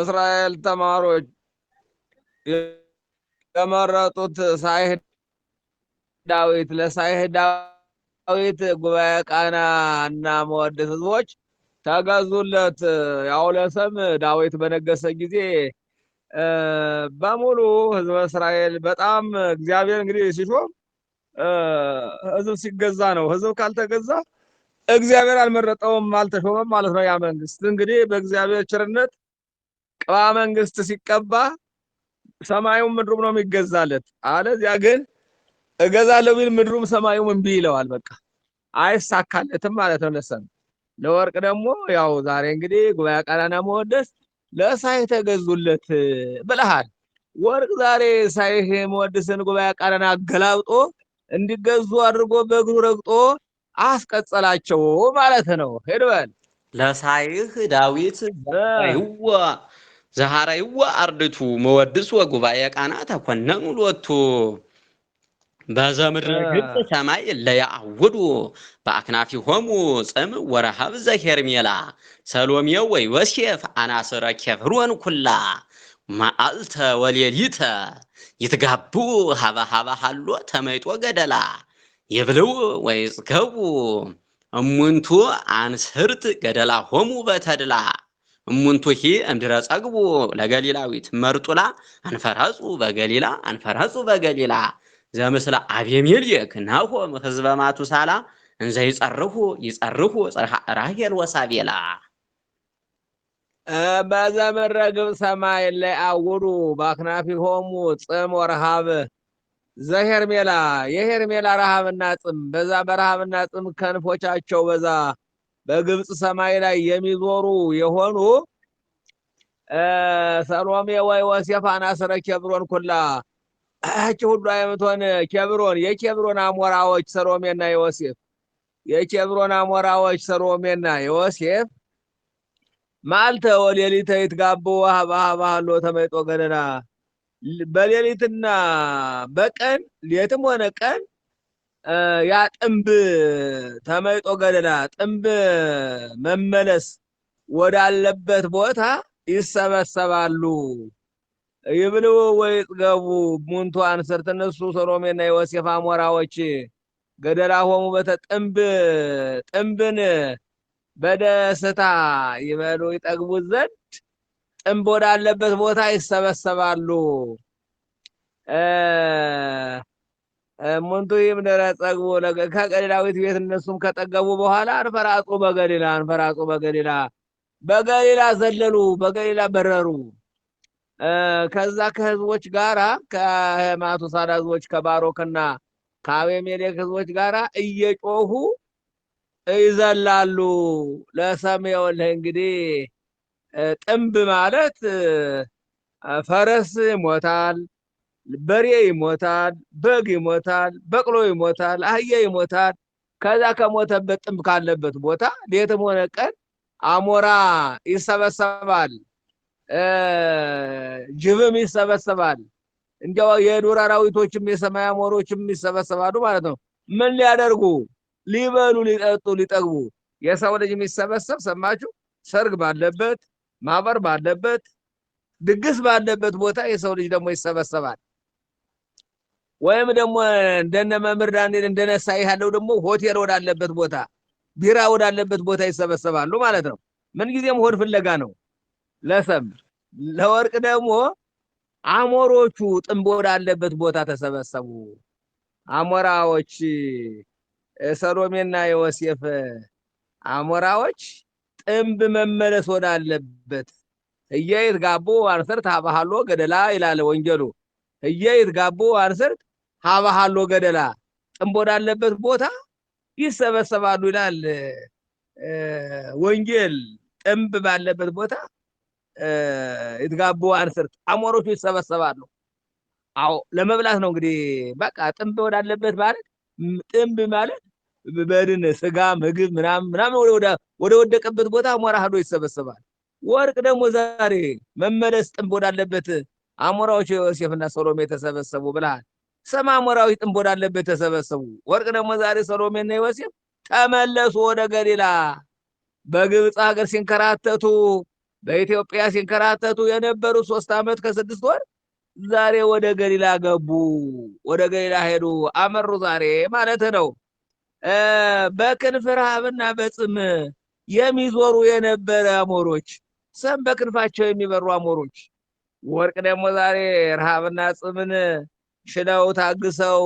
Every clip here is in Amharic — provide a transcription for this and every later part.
እስራኤል ተማሮች የመረጡት ሳይህ ዳዊት ለሳይህ ዳዊት ጉባኤ ቃና እና መወደስ ህዝቦች ተገዙለት። ያው ለሰም ዳዊት በነገሰ ጊዜ በሙሉ ህዝበ እስራኤል በጣም እግዚአብሔር እንግዲህ ሲሾም ህዝብ ሲገዛ ነው። ህዝብ ካልተገዛ እግዚአብሔር አልመረጠውም፣ አልተሾመም ማለት ነው። ያ መንግስት እንግዲህ በእግዚአብሔር ቸርነት ቅባ መንግስት ሲቀባ ሰማዩም ምድሩም ነው የሚገዛለት። አለዚያ ግን እገዛለሁ ቢል ምድሩም ሰማዩም እምቢ ይለዋል። በቃ አይሳካለትም ማለት ነው። ለሰን ለወርቅ ደግሞ ያው ዛሬ እንግዲህ ጉባኤ ቃና መወደስ ለእሳይ ተገዙለት ብለሃል። ወርቅ ዛሬ እሳይህ መወድስን ጉባኤ ቃና አገላብጦ እንዲገዙ አድርጎ በእግሩ ረግጦ አስቀጸላቸው ማለት ነው። ሄድበል ለሳይህ ዳዊት ይዋ ዘሃራይዋ አርድቱ መወድስ ወጉባኤ ቃና ተኮነኑ ሎቱ በዘምድር ግብፅ ሰማይ ለያአውዱ ሆሙ ጽም ወረሃብ ሜላ ሰሎሜ ወይ ወሴፍ አናስረ ኬብሮን ኩላ ማአልተ ወሌሊተ ይትጋቡ ሃባ ሃሎ ተመይጦ ገደላ ይብልው ወይጽገቡ እሙንቱ አንስህርት ገደላ ሆሙ በተድላ እሙንቱሂ እምድረ ጸግቡ ለገሊላዊት መርጡላ አንፈራጹ በገሊላ አንፈራጹ በገሊላ ዘምስለ አቤሜሌክ ናሆም ህዝበ ማቱሳላ እንዘ ይጸርሁ ይጸርሁ ራሄል ወሳቤላ በዘመረግብ ሰማይ ላይ አውሩ አውዱ ሆሙ ጽም ወረሃብ ዘሄርሜላ የሄርሜላ ረሃብና ጽም በዛ በረሃብና ጽም ከንፎቻቸው በዛ በግብፅ ሰማይ ላይ የሚዞሩ የሆኑ ሰሎሜ ወይ ወሴፍ አናስረ ኬብሮን ኩላ ያቺ ሁሉ የምትሆን ኬብሮን የኬብሮን አሞራዎች ሰሎሜና ዮሴፍ የኬብሮን አሞራዎች ሰሎሜና ዮሴፍ ማልተ ወሌሊተ ይትጋቡ ሀባሀባሎ ተመይጦ ገደላ በሌሊትና በቀን ሌትም ሆነ ቀን ያ ጥንብ ተመይጦ ገደላ ጥንብ መመለስ ወዳለበት ቦታ ይሰበሰባሉ። ይብልው ወይ ጥገቡ ሙንቱ አንስርት እነሱ ሰሎሜና ዮሴፍ አሞራዎች ገደላ ሆሙ በተ ጥንብ ጥንብን በደስታ ይበሉ ይጠግቡ ዘንድ ጥንብ ወዳለበት ቦታ ይሰበሰባሉ። እሙንቱ ይምደረጸግቦ ከገሊላዊት ቤት እነሱም ከጠገቡ በኋላ አንፈራጹ በገሊላ አንፈራጹ በገሊላ በገሊላ ዘለሉ፣ በገሊላ በረሩ። ከዛ ከህዝቦች ጋራ ከማቱሳላ ህዝቦች ከባሮክና ከአቤሜሌክ ህዝቦች ጋራ እየጮሁ ይዘላሉ። ለሰሜውልህ እንግዲህ ጥንብ ማለት ፈረስ ይሞታል በሬ ይሞታል፣ በግ ይሞታል፣ በቅሎ ይሞታል፣ አህያ ይሞታል። ከዛ ከሞተበት ጥንብ ካለበት ቦታ ሌትም ሆነ ቀን አሞራ ይሰበሰባል፣ ጅብም ይሰበሰባል። እንዲያው የዱር አራዊቶችም የሰማይ አሞሮችም ይሰበሰባሉ ማለት ነው። ምን ሊያደርጉ? ሊበሉ፣ ሊጠጡ፣ ሊጠግቡ። የሰው ልጅ የሚሰበሰብ ሰማችሁ? ሰርግ ባለበት፣ ማህበር ባለበት፣ ድግስ ባለበት ቦታ የሰው ልጅ ደግሞ ይሰበሰባል። ወይም ደግሞ እንደነ መምህር ዳንኤል እንደነ ሳይ ያለው ደግሞ ሆቴል ወዳለበት ቦታ ቢራ ወዳለበት ቦታ ይሰበሰባሉ ማለት ነው። ምንጊዜም ሆድ ፍለጋ ነው ለሰም ለወርቅ ደግሞ አሞሮቹ ጥንብ ወዳለበት ቦታ ተሰበሰቡ። አሞራዎች ሰሎሜና ዮሴፍ አሞራዎች ጥንብ መመለስ ወዳለበት እየይት ጋቦ አንሰርት ሀበሃሎ ገደላ ይላለ ወንጀሉ እየይት ጋቦ አንሰርት ሀባሃሎ ገደላ ጥንብ ወዳለበት ቦታ ይሰበሰባሉ ይላል ወንጌል። ጥንብ ባለበት ቦታ ይትጋቡ አንስር አሞሮቹ ይሰበሰባሉ። አዎ ለመብላት ነው እንግዲህ በቃ ጥንብ ወዳለበት ማለት ጥንብ ማለት በድን ስጋ ምግብ ምናምን ወደ ወደቀበት ቦታ አሞራ ሄዶ ይሰበሰባል። ወርቅ ደግሞ ዛሬ መመለስ ጥንብ ወዳለበት አሞራዎች ዮሴፍና ሰሎሜ የተሰበሰቡ ብለሃል። ሰማ ሞራዊ ጥንቦዳ አለበት ተሰበሰቡ። ወርቅ ደግሞ ዛሬ ሰሎሜና ዮሴፍ ተመለሱ ወደ ገሊላ። በግብፅ ሀገር ሲንከራተቱ በኢትዮጵያ ሲንከራተቱ የነበሩ ሶስት ዓመት ከስድስት ወር ዛሬ ወደ ገሊላ ገቡ። ወደ ገሊላ ሄዱ አመሩ። ዛሬ ማለት ነው። በክንፍ ረሃብና በጽም የሚዞሩ የነበረ አሞሮች ሰም በክንፋቸው የሚበሩ አሞሮች። ወርቅ ደግሞ ዛሬ ረሃብና ጽምን ችለው ታግሰው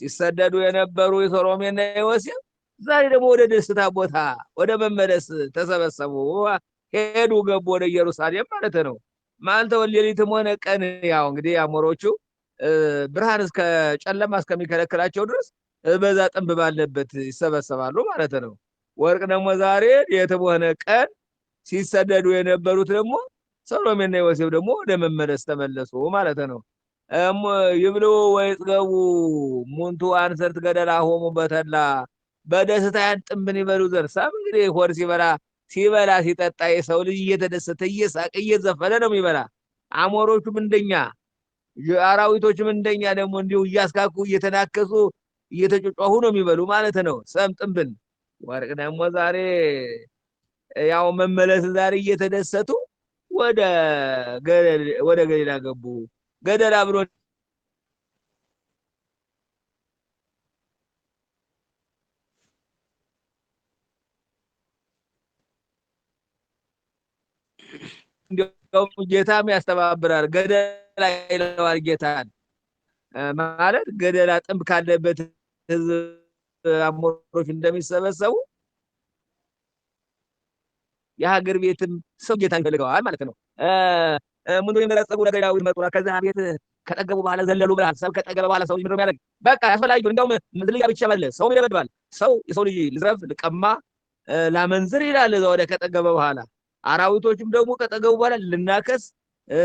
ሲሰደዱ የነበሩ የሶሎሜና የዮሴፍ ዛሬ ደግሞ ወደ ደስታ ቦታ ወደ መመለስ ተሰበሰቡ፣ ሄዱ፣ ገቡ ወደ ኢየሩሳሌም ማለት ነው። ማልተወን ሌሊትም ሆነ ቀን ያው እንግዲህ አሞሮቹ ብርሃን እስከ ጨለማ እስከሚከለክላቸው ድረስ በዛ ጥንብ ባለበት ይሰበሰባሉ ማለት ነው። ወርቅ ደግሞ ዛሬ ሌሊትም ሆነ ቀን ሲሰደዱ የነበሩት ደግሞ ሰሎሜና ዮሴፍ ደግሞ ወደ መመለስ ተመለሱ ማለት ነው። ይብልዑ ወይጽገቡ ሙንቱ አንሰርት ገደላ ሆሙ በተላ በደስታ ጥምን ይበሉ ዘር እንግዲህ ሆድ ሲበላ ሲበላ ሲጠጣ የሰው ልጅ እየተደሰተ እየሳቀ እየዘፈነ ነው የሚበላ። አሞሮቹም እንደኛ አራዊቶችም እንደኛ ደግሞ እንዲሁ እያስካኩ እየተናከሱ እየተጮጮሁ ነው የሚበሉ ማለት ነው። ሰም ጥንብን ወርቅ ደግሞ ዛሬ ያው መመለስ ዛሬ እየተደሰቱ ወደ ገሌላ ገቡ። ገደል አብሮ እንዲያውም ጌታም ያስተባብራል። ገደላ ይለዋል ጌታን ማለት ገደላ ጥንብ ካለበት ህዝብ አሞሮች እንደሚሰበሰቡ የሀገር ቤትም ሰው ጌታን ይፈልገዋል ማለት ነው። ሙሉ የመለጸጉ ነገር ዳዊት መጡራ ከዛ ቤት ከጠገቡ በኋላ ዘለሉ ብላል። ሰው ከጠገበ በኋላ ሰው ምንድነው የሚያደርግ? በቃ ያስፈላጊው እንደውም ምድር ጋር ብቻ ማለት ሰው ይደበድባል። ሰው የሰው ልጅ ልዝረፍ፣ ልቀማ፣ ላመንዝር ይላል እዛ ወደ ከጠገበ በኋላ። አራዊቶችም ደግሞ ከጠገቡ በኋላ ልናከስ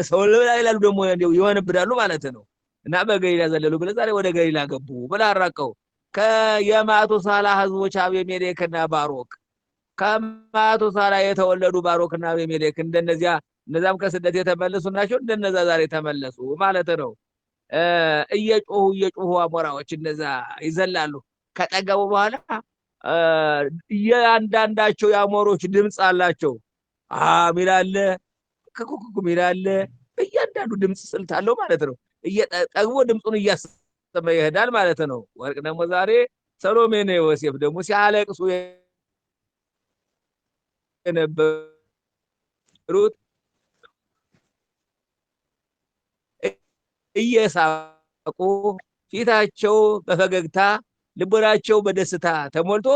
ሰው ልብላ ይላሉ ደግሞ ይሆንብናሉ ማለት ነው። እና በገሊላ ዘለሉ ብለ ዛሬ ወደ ገሊላ ገቡ ብላ አራቀው ሳላ ህዝቦች አቤሜሌክና ባሮክ ሳላ የተወለዱ ባሮክና አቤሜሌክ እንደነዚያ እነዛም ከስደት የተመለሱ ናቸው። እንደነዛ ዛሬ ተመለሱ ማለት ነው። እየጮሁ እየጮሁ አሞራዎች እነዛ ይዘላሉ። ከጠገቡ በኋላ እያንዳንዳቸው የአሞሮች ድምፅ አላቸው። ሚላለ ከኩኩኩ ሚላለ እያንዳንዱ ድምፅ ስልት አለው ማለት ነው። እየጠግቦ ድምፁን እያሰመ ይሄዳል ማለት ነው። ወርቅ ደግሞ ዛሬ ሰሎሜና ዮሴፍ ደግሞ ሲያለቅሱ የነበሩት እየሳቁ ፊታቸው በፈገግታ ልቦናቸው በደስታ ተሞልቶ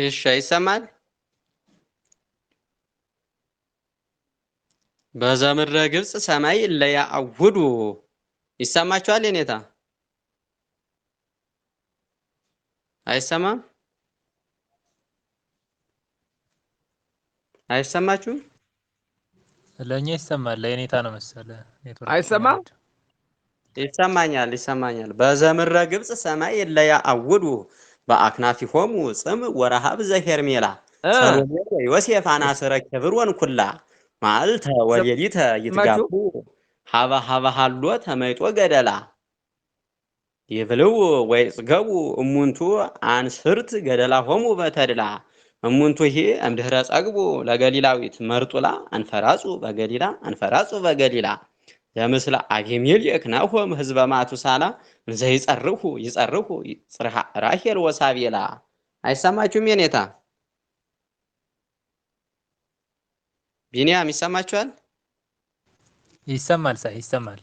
እሺ፣ ይሰማል። በዘምድረ ግብፅ ሰማይ ለያአውዱ ይሰማችኋል? የኔታ አይሰማም? አይሰማችሁም? ለእኛ ይሰማል። ለኔታ ነው መሰለ አይሰማም? ይሰማኛል፣ ይሰማኛል። በዘምድረ ግብፅ ሰማይ ለያአውዱ በአክናፊሆሙ ጽም ወረሃብ ዘሄርሜላ ሰሎሜ ወዮሴፍ አናስረ ኬብሮን ኩላ መዓልተ ወሌሊተ ይትጋቡ ሀበ ሀበ ሀሎተ ተመይጦ ገደላ ይብልው ወይጽገቡ እሙንቱ አንስርት ገደላ ሆሙ በተድላ እሙንቱ ይሄ እምድህረ ጸግቡ ለገሊላዊት መርጡላ አንፈራጹ በገሊላ አንፈራጹ በገሊላ ለምስለ አቢሜሌክ ናሆም ህዝበ ማቱሳላ እንዘ ይጸርሁ ይጸርሁ ጽርሐ ራሄል ወሳቤላ። አይሰማችሁም የኔታ? ቢኒያም ይሰማችኋል? ይሰማል፣ ሳይ ይሰማል።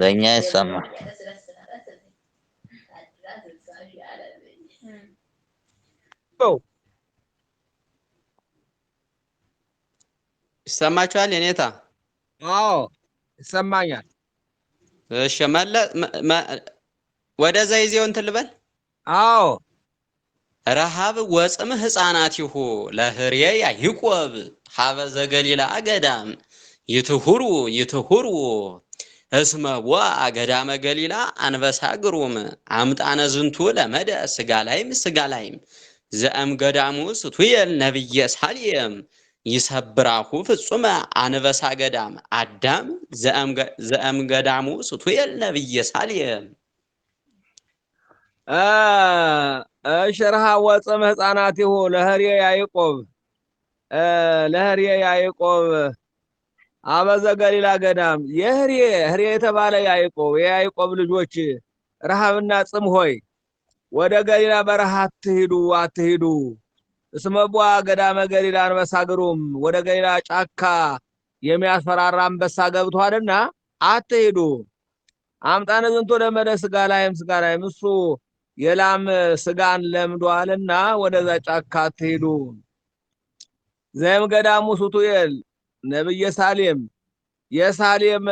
ለእኛ ይሰማል። ይሰማችኋል? የኔታ አዎ ይሰማኛል። እሺ መለ ወደዛ ዘይዜው እንትን ልበል። አዎ ረሃብ ወፅም ይሁ ለህርየ ያይቆብ ሀበ ዘገሊላ አገዳም ይትሁሩ ይትሁሩ እስመ ቦ አገዳመ ገሊላ አንበሳ ግሩም አምጣነ ዝንቱ ለመደ ስጋ ላይም ስጋ ላይም ዘእም ገዳሙ ስትየል ነብየ ሳልየም ይሰብራሁ ፍጹመ አንበሳ ገዳም አዳም ዘእም ገዳሙ ስትየል ነብየ ሳልየም እሽርሃ ወፅም ህፃናቲሁ ለህርየ ያዕቆብ ለህርየ ያዕቆብ አበዘ ገሊላ ገዳም የህርየ ህርየ የተባለ ያዕቆብ የያዕቆብ ልጆች ረሃብና ጽም ሆይ ወደ ገሊላ በረሃ አትሂዱ አትሂዱ። እስመቧ ገዳመ ገሊላ አንበሳ ግሩም ወደ ገሊላ ጫካ የሚያስፈራራ አንበሳ ገብቷልና አትሂዱ። አምጣነ ዝንቶ ደመ ለሥጋ ላይም ሥጋ ላይም እሱ የላም ስጋን ለምዷልና ወደዛ ጫካ አትሄዱ። ዘም ገዳሙ ሱቱኤል ነብየ ሳሌም የሳሌም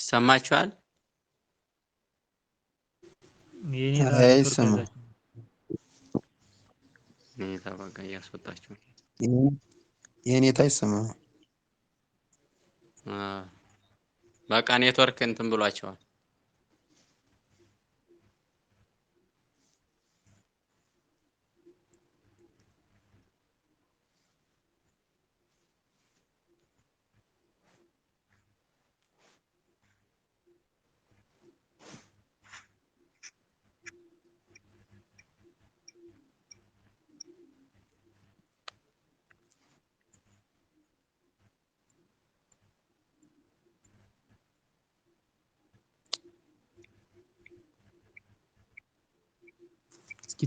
ይሰማችኋል? ኔታ በቃ እያስወጣችሁ የኔታ ይሰማ በቃ ኔትወርክ እንትን ብሏቸዋል።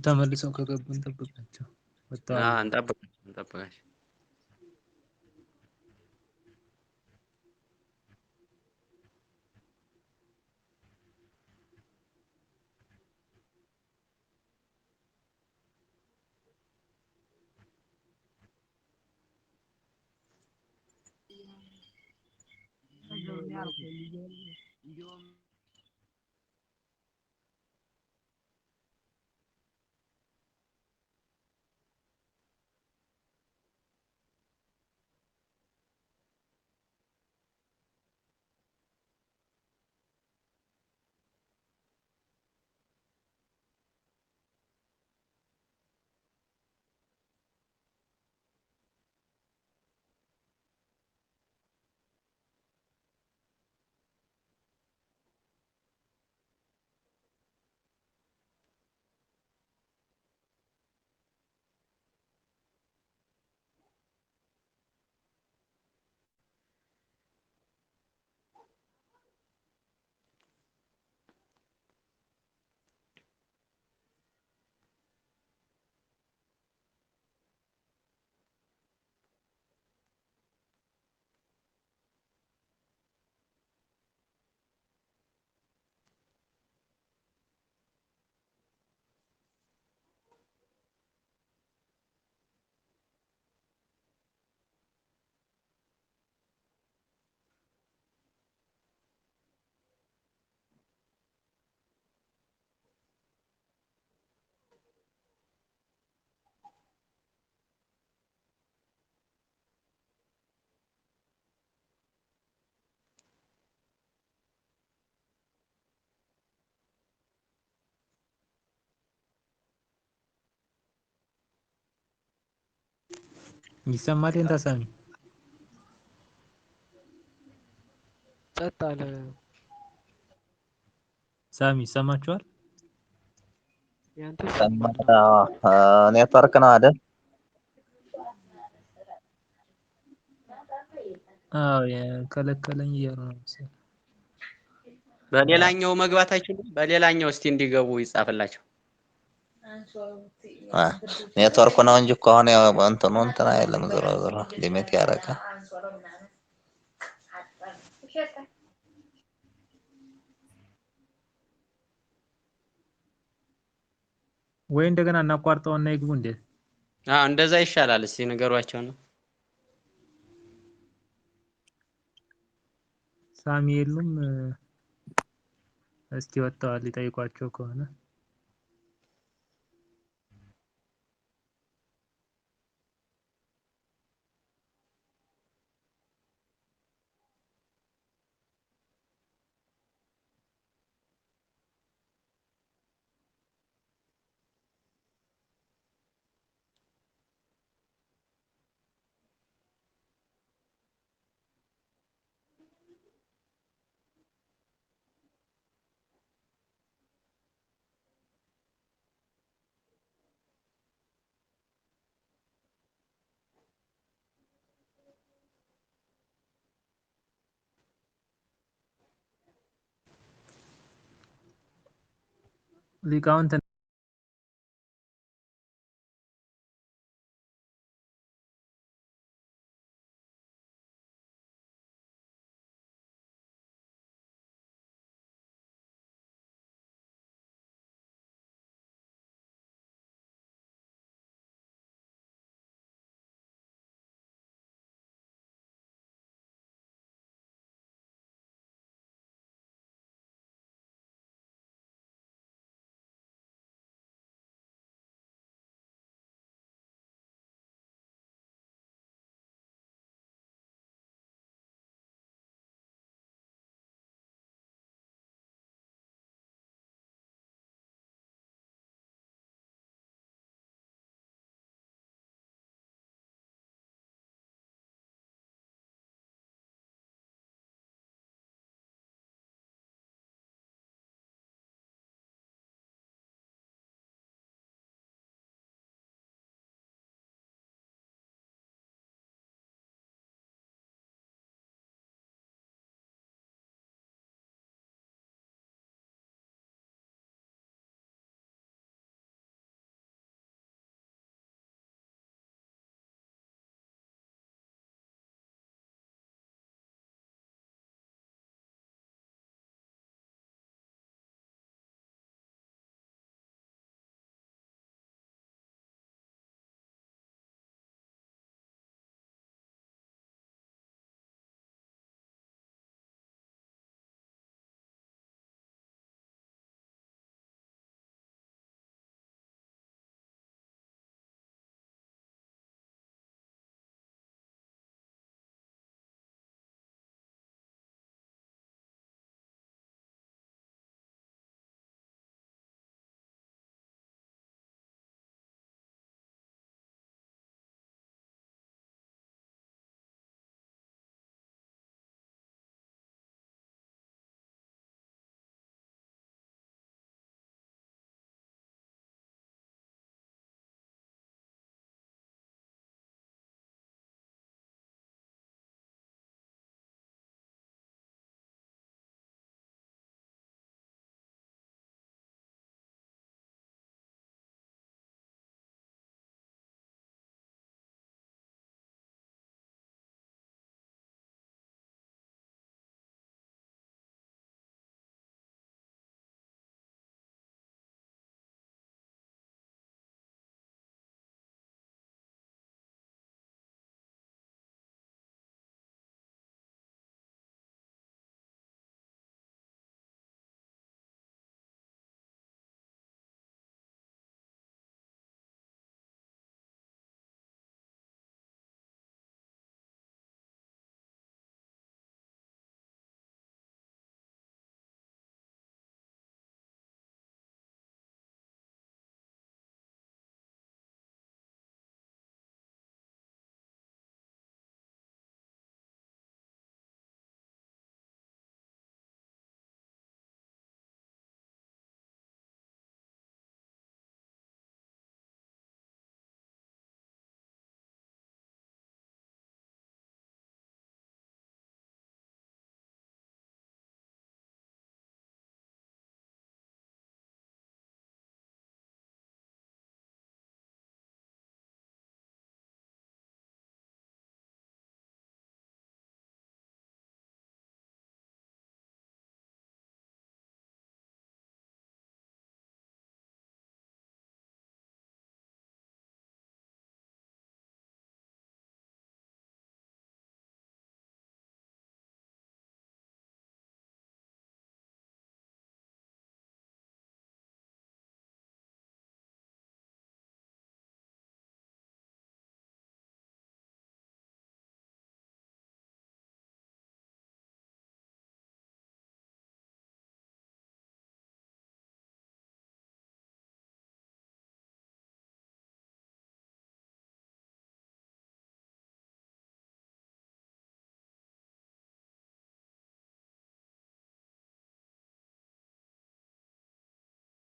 kita masuk ke kebun tebak aja betul nah, entah apa entah apa guys ይሰማል። እንታ ሰሚ ጸጥ አለ። ሳሚ ይሰማችኋል? ኔትወርክ ነው አይደል? አዎ የከለከለኝ እያሉ ነው። በሌላኛው መግባት አይችሉም። በሌላኛው እስቲ እንዲገቡ ይጻፍላቸው። ኔትወርክ ነው እንጂ ከሆነ እንትኑ እንትን ዞሮ ዞሮ ሊሚት ያደረገ ወይ እንደገና እናቋርጠው እና ይግቡ እንዴ? አዎ እንደዛ ይሻላል። እስቲ ነገሯቸው ነው ሳሚ የሉም። እስቲ ወጥተዋል፣ ሊጠይቋቸው ከሆነ legato